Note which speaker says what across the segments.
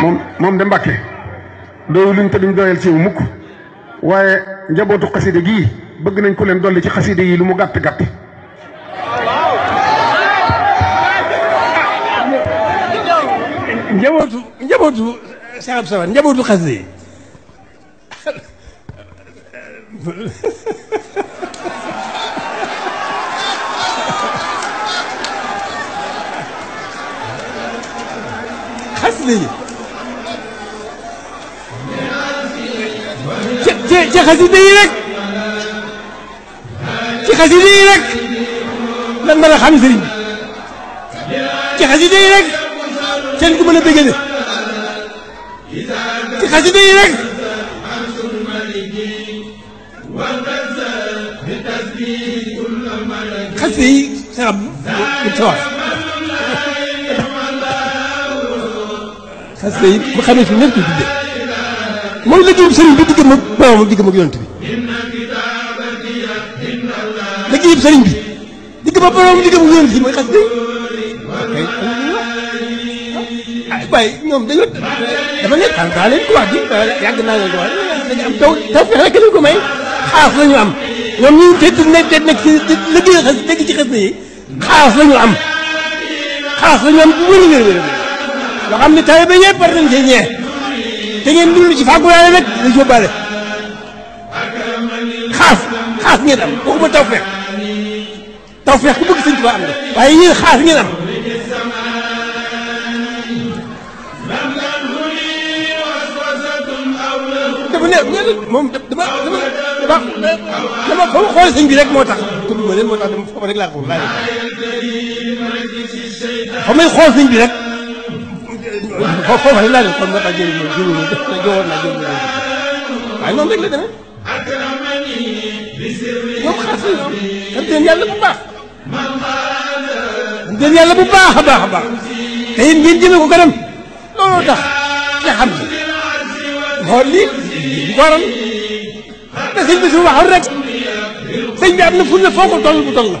Speaker 1: moom moom de Mbàkke dooyu luñ te duñ doyal ci mukk waaye njabootu xaside gii bëgg nañ ko leen dolli ci xaside yi lu mu gàtt gàtt njabootu njabootu Cheikh njabootu xaside yi حسني شيخ خزيدي لك شيخ خزيدي لك لما انا خمس ريال شيخ خزيدي لك انا بقدر شيخ خزيدي لك خزي شرب متواصل parce que it bu xamee fi ñëpp di tuddee mooy liggéeyub sëriñ bi diggam ak maamam diggam ak yonent bi liggéeyub sëriñ bi diggam ak maamam diggam ak mooy xas day ah waaye ñoom dañoo dafa nekk xam daa di yàgg naa leen ko wax am taw taw fexe rek lañ ko may am ñoom ñu te nekk te nekk ci liggéey xas dégg ci xas na yi xaas la am nga xam ne taalibe yëpp war nañ cee ñee te ngeen dund ci fàggu yàlla nag dañ ko bale xaas xaas ngeen am waxuma tawfeex tawfeex ku bëgg sëñ am waaye yéen xaas ngeen am dafa ne ma xool sëñ bi rek moo tax tudd ma leen moo tax dama foofu rek laa ko laaj fa may xool sëñ bi rek foofu foofa rek laa leen kon moo tax jëriñ ma jëriñ ma te jowoon naa jëriñ ma waaye noonu rek la demee ñoom xaas yi ñoom dañ leen yàlla bu baax dañ leen yàlla bu baax a baax a baax te it ngeen jëme ko kanam looloo tax nga xam ne moo lii bu ko waral
Speaker 2: te sëñ bi su waxoon rek
Speaker 1: sëñ bi am na ful la foo ko toll bu toll la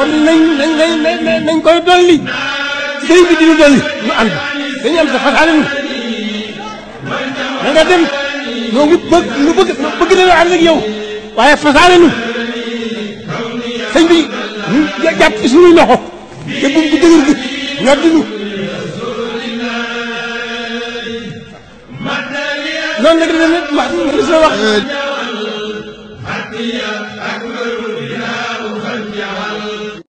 Speaker 1: kon nañ nañ koy dolli sëriñ bi dina dolli ñu ànd dañu am sa fasaale nu na nga dem ñoo bëgg lu bëgg bëgg nañu ànd yow waaye fasaale nu sëñ bi ñu jàpp ci suñuy loxo te bu bu gi nga dinu noonu la dina wax euh,